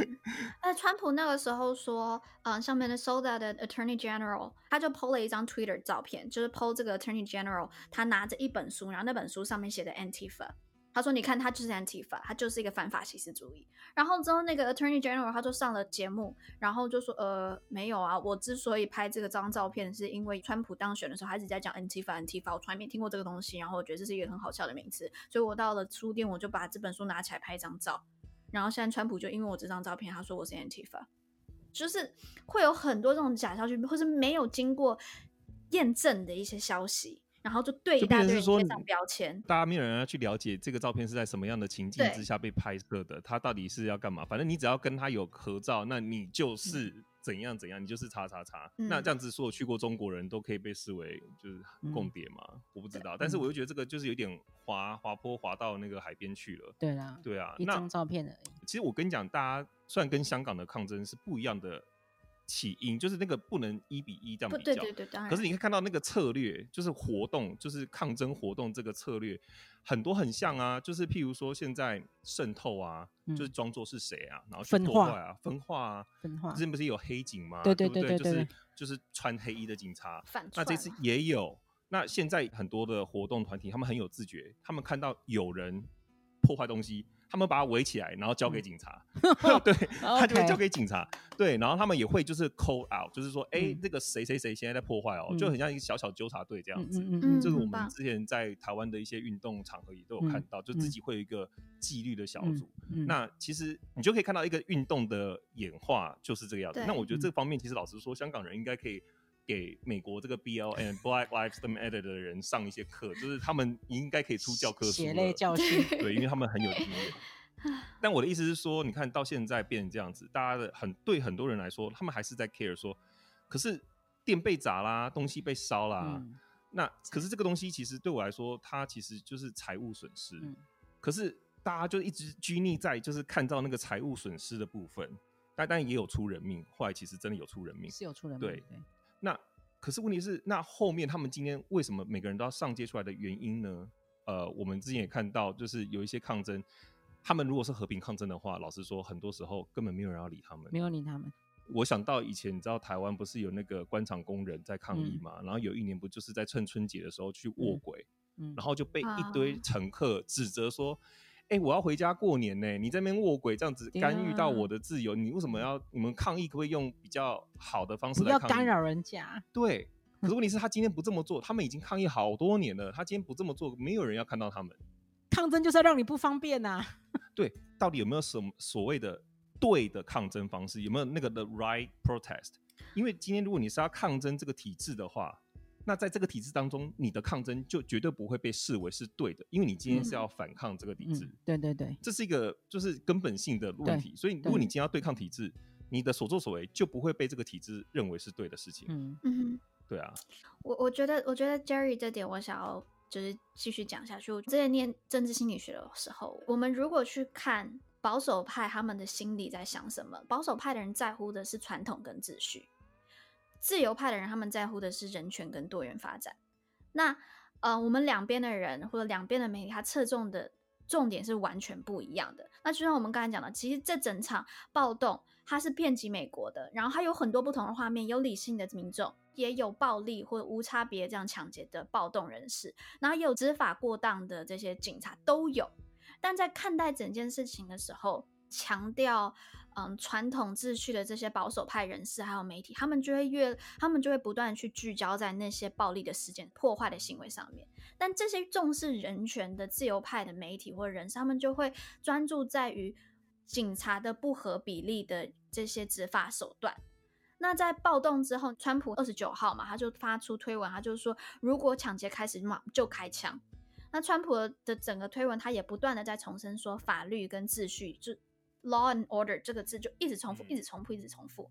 啊，川普那個時候說，嗯、呃，像 Minnesota 的 Attorney General，他就 PO 了一張 Twitter 照片，就是 PO 這個 Attorney General，他拿着一本書，然後那本書上面寫的 Antifa。他說：“你看，他就是 Anti f a 他就是一個反法西斯主義。”然後之後，那個 Attorney General 他就上了節目，然後就說：“呃，沒有啊，我之所以拍這個張照片，是因為川普當選的時候，還一直在講 Anti f a a n t i a 我從來沒聽過這個東西。然後我覺得這是一個很好笑的名字。所以我到了書店，我就把這本書拿起來拍一張照。然後現在川普就因為我這張照片，他說我是 Anti f a 就是會有很多這種假消息，或是沒有經過驗證的一些消息。”然後就對一大堆人貼上標籤，大家沒有人要去了解這個照片是在什麼樣的情境之下被拍攝的，他到底是要幹嘛？反正你只要跟他有合照，那你就是怎樣怎樣，嗯、你就是叉叉叉。那這樣子說，去過中國人都可以被視為就是共諜嘛、嗯？我不知道，但是我又覺得這個就是有點滑滑坡滑到那個海邊去了。對啊，對啊，一張照片而已。其實我跟你講，大家算跟香港的抗爭是不一樣的。起因，就是那個不能一比一這樣比較，對對對，可是你可以看到那個策略，就是活動，就是抗爭活動這個策略很多很像啊，就是譬如說現在滲透啊，嗯、就是裝作是誰啊，然後去破壞啊，分化，分化、啊。之前不是有黑警嗎？對對對對對，對，對、就是，就是穿黑衣的警察。反串啊。那這次也有。那現在很多的活動團體，他們很有自覺，他們看到有人破壞東西。他們把它圍起來，然後交給警察。 對，他就會交給警察。對，然後他們也會就是 call out，就是說，哎、嗯，那、欸這個誰誰誰現在在破壞哦、嗯，就很像一個小小糾察隊這樣子。嗯，嗯，嗯、就是我們之前在台灣的一些運動場合也都有看到，嗯嗯就自己會有一個紀律的小組嗯嗯。那其實你就可以看到一個運動的演化就是這個樣子。那我覺得這方面其實老實說，香港人應該可以給美國這個 BLM Black Lives Matter 的人上一些課，就是他們應該可以出教科書。血淚教訓，對，因為他們很有經驗。 但我的意思是說，你看到現在變成這樣子，大家的很對很多人來說，他們還是在 care 說，可是店被砸啦，東西被燒啦，嗯、那可是這個東西其實對我來說，它其實就是財務損失、嗯。可是大家就一直拘泥在就是看到那個財務損失的部分，但當然也有出人命，後來其實真的有出人命，是有出人命，對。對那可是問題是，那後面他們今天為什麼每個人都要上街出來的原因呢？呃，我們之前也看到，就是有一些抗爭，他們如果是和平抗爭的話，老實說，很多時候根本沒有人要理他們，沒有理他們。我想到以前，你知道台灣不是有那個關廠工人在抗議嘛、嗯？然後有一年不就是在趁春節的時候去臥軌、嗯嗯，然後就被一堆乘客指責說。啊哎、欸，我要回家過年呢、欸。你這邊臥軌這樣子干預到我的自由，yeah. 你為什麼要？你們抗議可不可以用比較好的方式來抗議，不要干擾人家。對，可是問題是，他今天不這麼做， 他們已經抗議好多年了。他今天不這麼做，沒有人要看到他們抗爭，就是要讓你不方便吶、啊。 對，到底有沒有什麼所謂的對的抗爭方式？有沒有那個 the right protest？因為今天如果你是要抗爭這個體制的話。那在這個體制當中，你的抗爭就絕對不會被視為是對的，因為你今天是要反抗這個體制。嗯嗯、對對對，這是一個就是根本性的問題、嗯。所以，如果你今天要對抗體制，你的所作所為就不會被這個體制認為是對的事情。嗯嗯，對啊。我我覺得，我覺得 Jerry 這點我想要就是繼續講下去。我之前念政治心理學的時候，我們如果去看保守派他們的心裡在想什麼，保守派的人在乎的是傳統跟秩序。自由派的人，他們在乎的是人權跟多元發展。那呃，我們兩邊的人或者兩邊的媒體，它側重的重點是完全不一樣的。那就像我們剛才講的，其實這整場暴動它是遍及美國的，然後它有很多不同的畫面，有理性的民眾，也有暴力或者無差別這樣搶劫的暴動人士，然後有執法過當的這些警察都有。但在看待整件事情的時候，強調。嗯，傳統秩序的這些保守派人士還有媒體，他們就會越，他們就會不斷去聚焦在那些暴力的事件、破壞的行為上面。但這些重視人權的自由派的媒體或人士，他們就會專注在於警察的不合比例的這些執法手段。那在暴動之後，川普二十九號嘛，他就發出推文，他就說，如果搶劫開始，就開槍。那川普的整個推文，他也不斷的在重申說，法律跟秩序。就 Law and order 這個字就一直重複、嗯，一直重複，一直重複。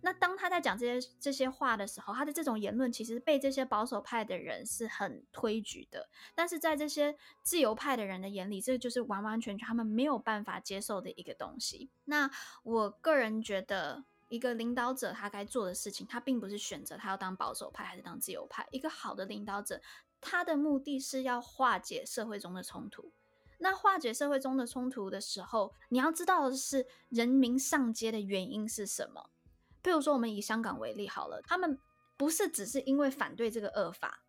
那當他在講這些這些話的時候，他的這種言論其實被這些保守派的人是很推舉的，但是在這些自由派的人的眼裡，這就是完完全全他們沒有辦法接受的一個東西。那我個人覺得，一個領導者他該做的事情，他並不是選擇他要當保守派還是當自由派。一個好的領導者，他的目的是要化解社會中的衝突。那化解社會中的衝突的時候，你要知道的是，人民上街的原因是什麼？比如說，我們以香港為例好了，他們不是只是因為反對這個惡法。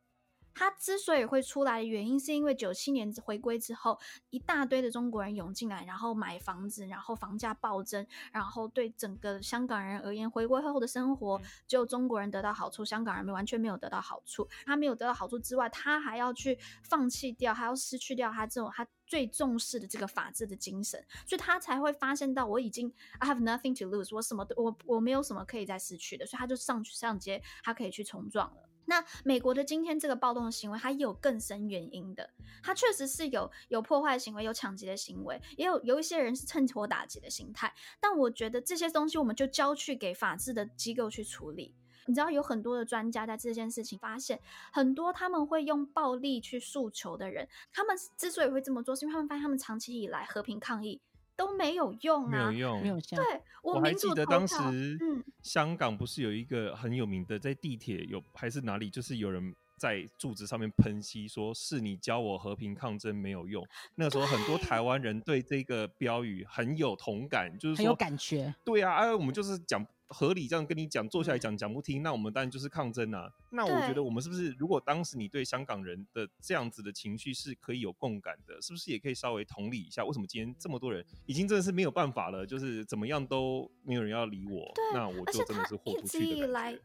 他之所以會出來的原因，是因為九七年回歸之後，一大堆的中國人湧進來，然後買房子，然後房價暴增，然後對整個香港人而言，回歸後的生活、嗯、只有中國人得到好處，香港人沒完全沒有得到好處。他沒有得到好處之外，他還要去放棄掉，還要失去掉他這種他最重視的這個法治的精神，所以他才會發現到我已經 I have nothing to lose，我什麼都我我沒有什麼可以再失去的，所以他就上去上街，他可以去衝撞了。那美國的今天這個暴動的行為，它也有更深原因的。它確實是有有破壞行為，有搶劫的行為，也有有一些人是趁火打劫的心態。但我覺得這些東西，我們就交去給法治的機構去處理。你知道有很多的專家在這件事情發現，很多他們會用暴力去訴求的人，他們之所以會這麼做，是因為他們發現他們長期以來和平抗議，都沒有用啊，沒有用，對我，我還記得當時、嗯，香港不是有一個很有名的，在地鐵有還是哪裡，就是有人在柱子上面噴漆，說是你教我和平抗爭沒有用。那時候很多台灣人對這個標語很有同感，就是說很有感覺。對啊，哎，我們就是講。嗯合理這樣跟你講，坐下來講講不聽，那我們當然就是抗爭啊。那我覺得我們是不是，如果當時你對香港人的這樣子的情緒是可以有共感的，是不是也可以稍微同理一下，為什麼今天這麼多人已經真的是沒有辦法了，就是怎麼樣都沒有人要理我，那我就真的是豁出去了。而且他一直以來，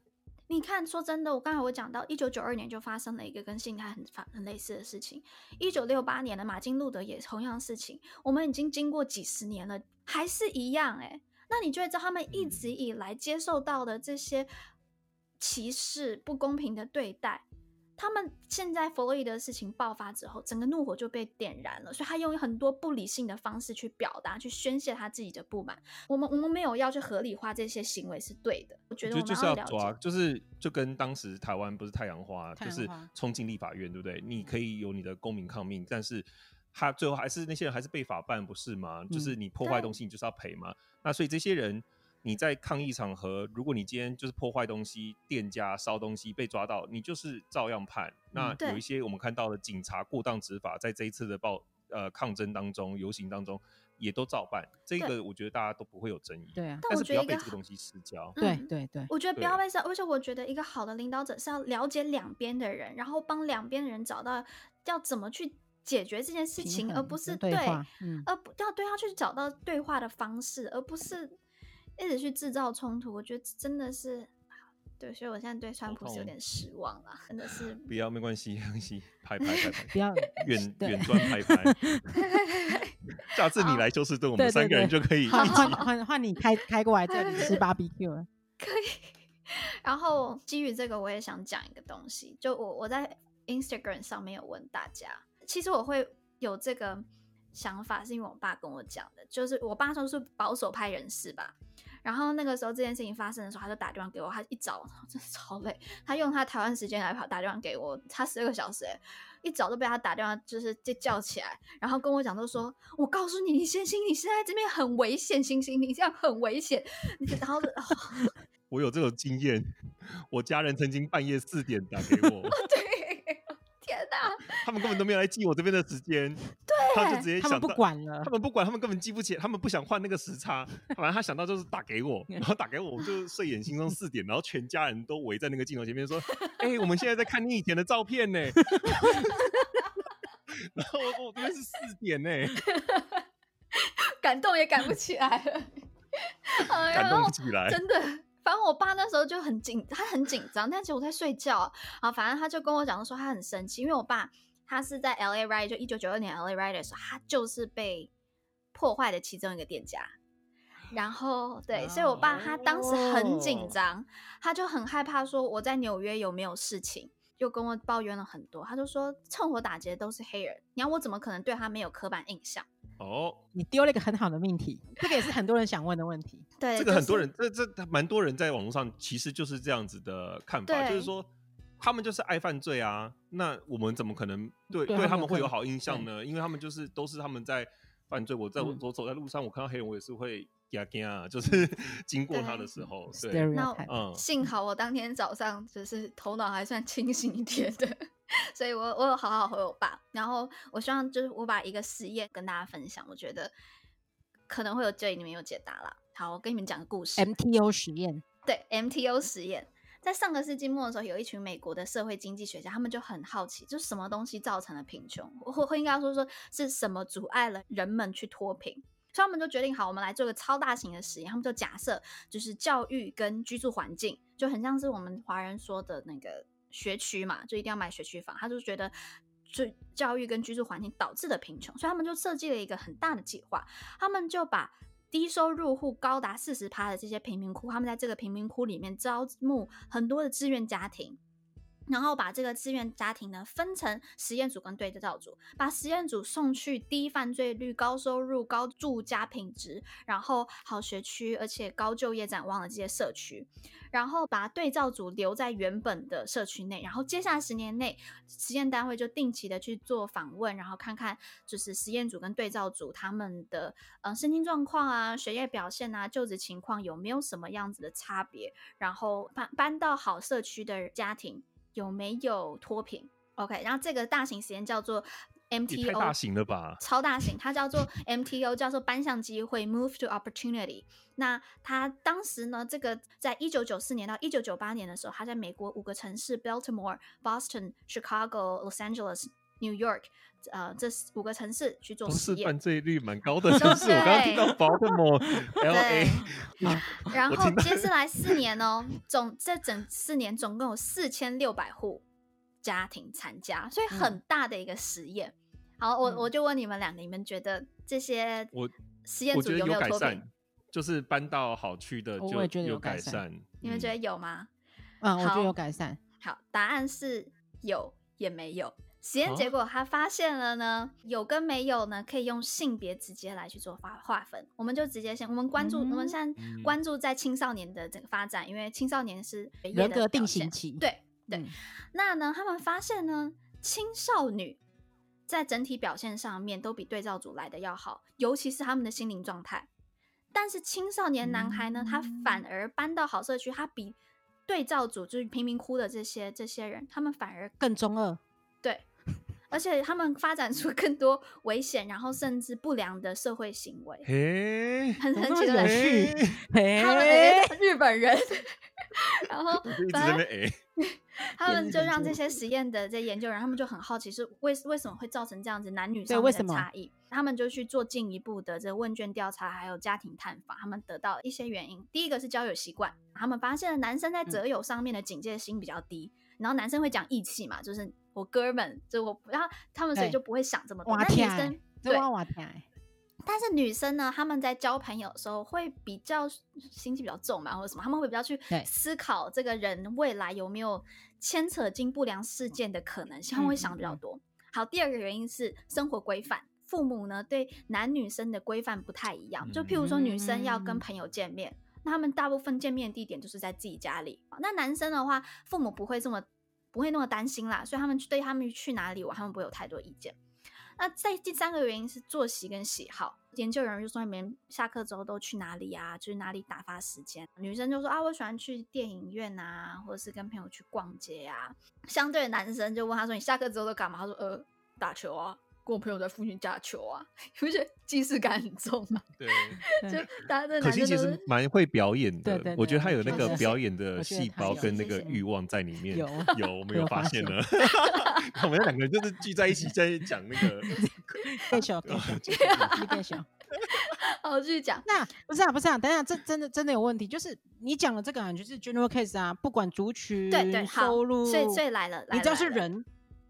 你看，說真的，我剛才我講到一九九二年就發生了一個跟現在很發很類似的事情，一九六八年的馬丁路德也同樣事情，我們已經經過幾十年了，還是一樣哎、欸。那你就會知道他們一直以來接受到的這些歧視、不公平的對待，他們現在佛洛伊德事情爆發之後，整個怒火就被點燃了，所以他用很多不理性的方式去表達、去宣洩他自己的不滿。我們我們沒有要去合理化這些行為是對的，我覺得我們得就是要抓，就是就跟當時台灣不是太陽，太陽花，就是衝進立法院，對不對？你可以有你的公民抗命，但是。他最後還是那些人還是被法辦，不是嗎？嗯、就是你破壞東西，你就是要賠嘛。那所以這些人，你在抗議場合，如果你今天就是破壞東西，店家燒東西被抓到，你就是照樣判。那有一些我們看到的警察過當執法，在這一次的暴呃抗爭當中、遊行當中，也都照辦。這個我覺得大家都不會有爭議，對啊，但是不要被這個東西失焦。對對對，對，我覺得不要被這，而且我覺得一個好的領導者是要了解兩邊的人，然後幫兩邊的人找到要怎麼去。解決這件事情，而不是對，對嗯、而不要對，他去找到對話的方式，嗯、而不是一直去製造衝突。我覺得真的是，對，所以我現在對川普是有點失望了，真的是。不要，沒關係，沒關係，拍拍拍拍。 不要，遠遠端拍拍。下 次對 你來就是對我們三個人就可以一起，換換你開開過來這裡是芭比 Q 了。可以。然後基於這個，我也想講一個東西，就我我在 Instagram 上面有問大家。其實我會有這個想法，是因為我爸跟我講的，就是我爸說是保守派人士吧。然後那個時候這件事情發生的時候，他就打電話給我，他一早真的超累，他用他台灣時間來跑打電話給我，差十二個小時，欸，哎，一早都被他打電話，就是就叫起來，然後跟我講，就說：“我告訴你，你先醒，你現在這邊很危險，醒醒，你這樣很危險。”然後 我有這種經驗，我家人曾經半夜四點打給我。 對他們根本都沒有來記我這邊的時間，對，他就直接想不管了，他們不管，他們根本記不起，他們不想換那個時差。反正他想到就是打給我，然後打給我，我就睡眼惺忪，四點， 然後全家人都圍在那個鏡頭前面說：“哎、 欸，我們現在在看你以前的照片呢、欸。 ” 然後我這邊是四點呢、欸， 感動也感不起來、哎、呀，感動不起來，真的。反正我爸那時候就很緊，他很緊張，但是我在睡覺啊。反正他就跟我講說他很生氣，因為我爸。他是在 LA riot，就一九九二年 LA riot 的時候，他就是被破壞的其中一個店家。然後，對，所以我爸他當時很緊張，oh. 他就很害怕說我在紐約有沒有事情，又跟我抱怨了很多。他就說趁火打劫的都是黑人，你要我怎麼可能對他沒有刻板印象？哦、oh.，你丟了一個很好的命題，這個也是很多人想問的問題。 對，這個很多人，就是、這這蠻多人在網絡上其實就是這樣子的看法，就是說。他們就是愛犯罪啊，那我們怎麼可能對對、啊、對他們會有好印象呢？因為他們就是都是他們在犯罪。我在我走，走在路上，我看到黑人，我也是會驚驚啊，就是經過他的時候。是、嗯嗯。那幸好我當天早上就是頭腦還算清醒一點的， 所以我我有好好回我爸。然後我希望就是我把一個實驗跟大家分享，我覺得可能會有對你們有解答啦。好，我跟你們講個故事。MTO 實驗，對，MTO 實驗。在上個世紀末的時候，有一群美國的社會經濟學家，他們就很好奇，就是什麼東西造成了貧窮，或會應該說說是什麼阻礙了人們去脫貧，所以他們就決定好，我們來做個超大型的實驗。他們就假設就是教育跟居住環境，就很像是我們華人說的那個學區嘛，就一定要買學區房。他就覺得就教育跟居住環境導致的貧窮，所以他們就設計了一個很大的計劃，他們就把。低收入戶高達四十趴的這些貧民窟，他們在這個貧民窟裡面招募很多的志願家庭。然後把這個志願家庭呢，分成實驗組跟對照組，把實驗組送去低犯罪率、高收入、高住家品質，然後好學區，而且高就業展望的這些社區，然後把對照組留在原本的社區內，然後接下來十年內，實驗單位就定期的去做訪問，然後看看就是實驗組跟對照組他們的呃身心狀況啊、學業表現啊、就職情況有沒有什麼樣子的差別，然後搬搬到好社區的家庭，有沒有脫貧？OK，然後這個大型實驗叫做 MTO，太大型了吧？超大型，它叫做 MTO，叫做搬向機會 Move to Opportunity。那他當時呢？這個在一九九四年到一九九八年的時候，他在美國五個城市：Baltimore、Boston、Chicago、Los Angeles。New York，呃，這五個城市去做實驗，犯罪率蠻高的。城市。 我剛剛聽到 Baltimore、 LA、啊、然後接下來四年哦， 總這整四年總共有四千六百戶家庭參加，所以很大的一個實驗。嗯、好，我我就問你們兩個，你們覺得這些實驗組有，有沒有改善？就是搬到好區的，就有改善，有改善、嗯。你們覺得有嗎？嗯，好，我覺得有改善。好，好，答案是有也沒有。實驗結果他發現了呢、哦，有跟沒有呢，可以用性別直接來去做發劃分。我們就直接先，我們關注，嗯、我們現在關注在青少年的這個發展，因為青少年是人格定型期。對對、嗯。那呢，他們發現呢，青少女在整體表現上面都比對照組來得要好，尤其是他們的心靈狀態。但是青少年男孩呢，嗯、他反而搬到好社區，他比對照組就是貧民窟的這些這些人，他們反而更中二。對。而且他們發展出更多危險，然後甚至不良的社會行為，很神奇的是，他們是日本人， 然後反正、欸、 他們就讓這些實驗的這些研究人、人，他們就很好奇是為為什麼會造成這樣子男女上面的差異。他們就去做進一步的這個問卷調查，還有家庭探訪，他們得到了一些原因。第一個是交友習慣，他們發現男生在擇友上面的警戒心比較低，嗯、然後男生會講義氣嘛，就是。我哥們就我，不要，他們所以就不會想這麼多。那、欸、女生對，但是女生呢，他們在交朋友的時候會比較心機比較重嘛，或者什麼，他們會比較去思考這個人未來有沒有牽扯進不良事件的可能性，性、嗯，他們會想比較多、嗯嗯。好，第二個原因是生活規範，父母呢，對男女生的規範不太一樣。就譬如說女生要跟朋友見面，嗯、那他們大部分見面地點就是在自己家裡。那男生的話，父母不會這麼。不會那麼擔心啦，所以他們去對，他們去哪裡，我他們不會有太多意見。那在第三個原因是作息跟喜好，研究人員就說你們下課之後都去哪裡啊？去哪裡打發時間？女生就說啊，我喜歡去電影院啊，或者是跟朋友去逛街啊。相對的男生就問他說，你下課之後都幹嘛？他說呃，打球啊。跟我朋友在附近打球啊，因為即視感很重嘛、啊。對，就大家的男生可心其實蠻會表演的，對對對對對，我覺得他有那個表演的細胞跟那個欲望，望在裡面。有有，有，我沒有發現了。我，現了 我們兩個人就是聚在一起在講那個，變小變小變小，嗯嗯、 好，繼續講。那不是啊，不是啊，等一下，這真的真的有問題。就是你講的這個啊，就是 general case 啊，不管族群，對對，對，好。所以所以來了，你知道是人。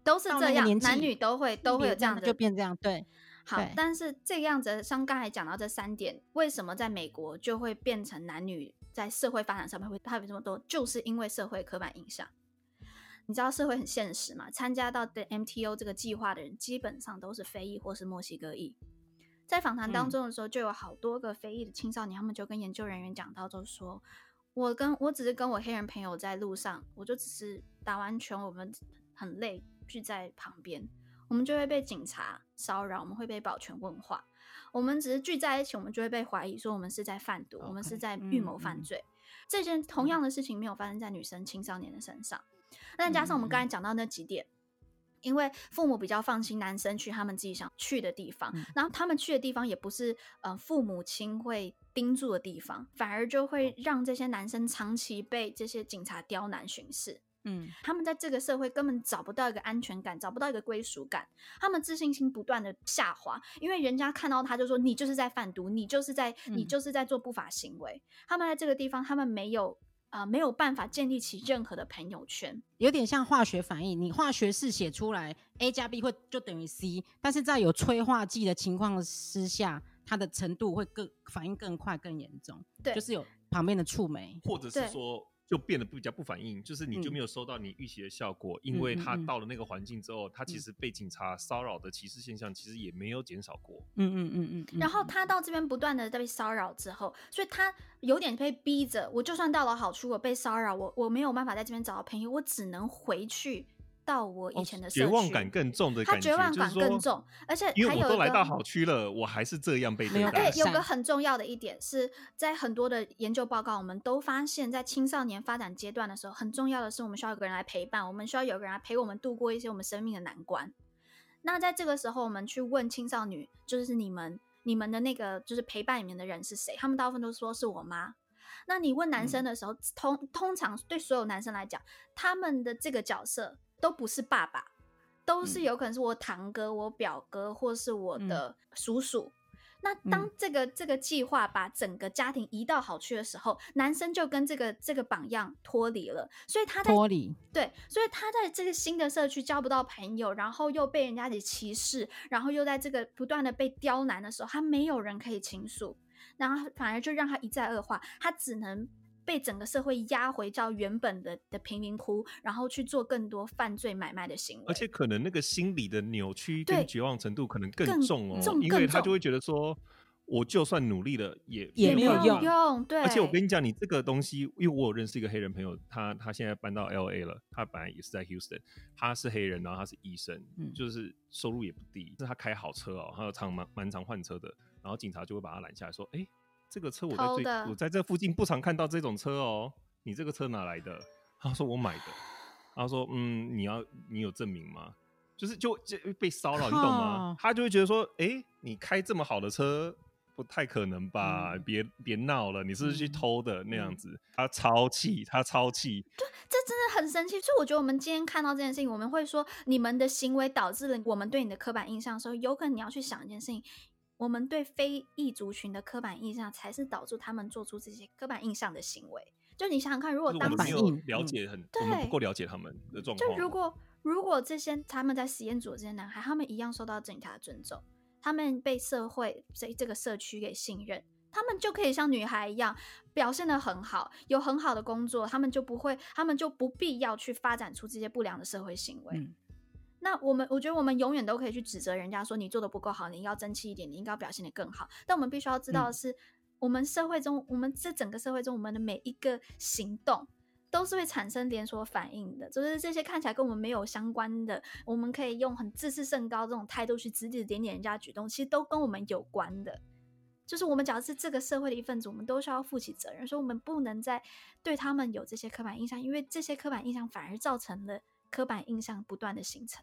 都是這樣，男女都會都會有這樣的就變這樣對。好對，但是這樣子，像剛才講到這三點，為什麼在美國就會變成男女在社會發展上面會差別這麼多，就是因為社會刻板印象。你知道社會很現實嘛？參加到的 MTO 這個計劃的人，基本上都是非裔或是墨西哥裔。在訪談當中的時候，嗯、就有好多個非裔的青少年，他們就跟研究人員講到，就說：“我跟我只是跟我黑人朋友在路上，我就只是打完拳，我們。”很累，聚在旁邊，我們就會被警察騷擾，我們會被保全問話。我們只是聚在一起，我們就會被懷疑說我們是在販毒，Okay, 我們是在預謀犯罪。嗯、這些同樣的事情沒有發生在女生青少年的身上。那加上我們剛才講到那幾點、嗯，因為父母比較放心男生去他們自己想去的地方，然後他們去的地方也不是、呃、父母親會盯住的地方，反而就會讓這些男生長期被這些警察刁難巡視。嗯，他們在這個社會根本找不到一個安全感，找不到一個歸屬感，他們自信心不斷的下滑，因為人家看到他就說你就是在販毒，你就是在、嗯、你就是在做不法行為。他們在這個地方，他們沒有啊、呃、沒有辦法建立起任何的朋友圈，有點像化學反應，你化學式寫出來 A 加 B 會就等於 C，但是在有催化劑的情況之下，它的程度會更反應更快更嚴重。對，就是有旁邊的觸媒，或者是說。就變得比較不反應，就是你就沒有收到你預期的效果、嗯，因為他到了那個環境之後、嗯，他其實被警察騷擾的歧視現象其實也沒有減少過。嗯嗯嗯嗯、嗯。然後他到這邊不斷的在被騷擾之後，所以他有點被逼着，我就算到了好處，我被騷擾，我我沒有辦法在這邊找到朋友，我只能回去。到我以前的時候，絕望感更重的感覺，絕望感更重，而且因為我都來到好區了，我還是這樣被對待。對，有個很重要的一點是在很多的研究報告，我們都發現，在青少年發展階段的時候，很重要的是我們需要有個人來陪伴，我們需要有個人來陪我們度過一些我們生命的難關。那在這個時候，我們去問青少女，就是你們，你們的那個就是陪伴你們的人是誰？他們大部分都說是我媽。那你問男生的時候，通通常對所有男生來講，他們的這個角色。都不是爸爸，都是有可能是我堂哥、嗯、我表哥，或是我的叔叔。嗯、那當這個這個計劃把整個家庭移到好區的時候，嗯、男生就跟這個這個榜樣脫離了，所以他在脫離對，所以他在這個新的社區交不到朋友，然後又被人家給歧視，然後又在這個不斷的被刁難的時候，他沒有人可以傾訴，然後反而就讓他一再惡化，他只能。被整個社會壓回到原本的的貧民窟，然後去做更多犯罪買賣的行為，而且可能那個心理的扭曲跟絕望程度可能更重哦，因為他就會覺得說，我就算努力了也也沒有用。對，而且我跟你講，你這個東西，因為我有認識一個黑人朋友，他他現在搬到 LA 了，他本來也是在 Houston，他是黑人，然後他是醫生，嗯，就是收入也不低，是他開好車哦，他常蠻蠻常換車的，然後警察就會把他攔下來說，哎。這個車我在我在這附近不常看到這種車哦，你這個車哪來的？他說我買的。他說，嗯，你要你有證明嗎？就是就就被騷擾，你懂嗎？他就會覺得說，誒，你開這麼好的車不太可能吧？嗯、別別鬧了，你是不是去偷的？嗯、那樣子。他超氣，他超氣。對，這真的很神奇。所以我覺得我們今天看到這件事情，我們會說，你們的行為導致了我們對你的刻板印象的時候，有可能你要去想一件事情。我們對非裔族群的刻板印象，才是導致他們做出這些刻板印象的行為。就你想想看，如果當時、就是、我們了解很對、不夠、嗯、了解他們的狀況，如果如果這些他們在實驗組的這些男孩，他們一樣受到警察的尊重，他們被社會這這個社區給信任，他們就可以像女孩一樣表現得很好，有很好的工作，他們就不會，他們就不必要去發展出這些不良的社會行為。嗯那我們，我覺得我們永遠都可以去指責人家說你做的不夠好，你應該爭氣一點，你應該表現的更好。但我們必須要知道的是，嗯，我們社會中，我們這整個社會中，我們的每一個行動都是會產生連鎖反應的。就是這些看起來跟我們沒有相關的，我們可以用很自視甚高這種態度去指指點點人家舉動，其實都跟我們有關的。就是我們只要是這個社會的一份子，我們都需要負起責任，所以我們不能再對他們有這些刻板印象，因為這些刻板印象反而造成了。刻板印象不斷的形成。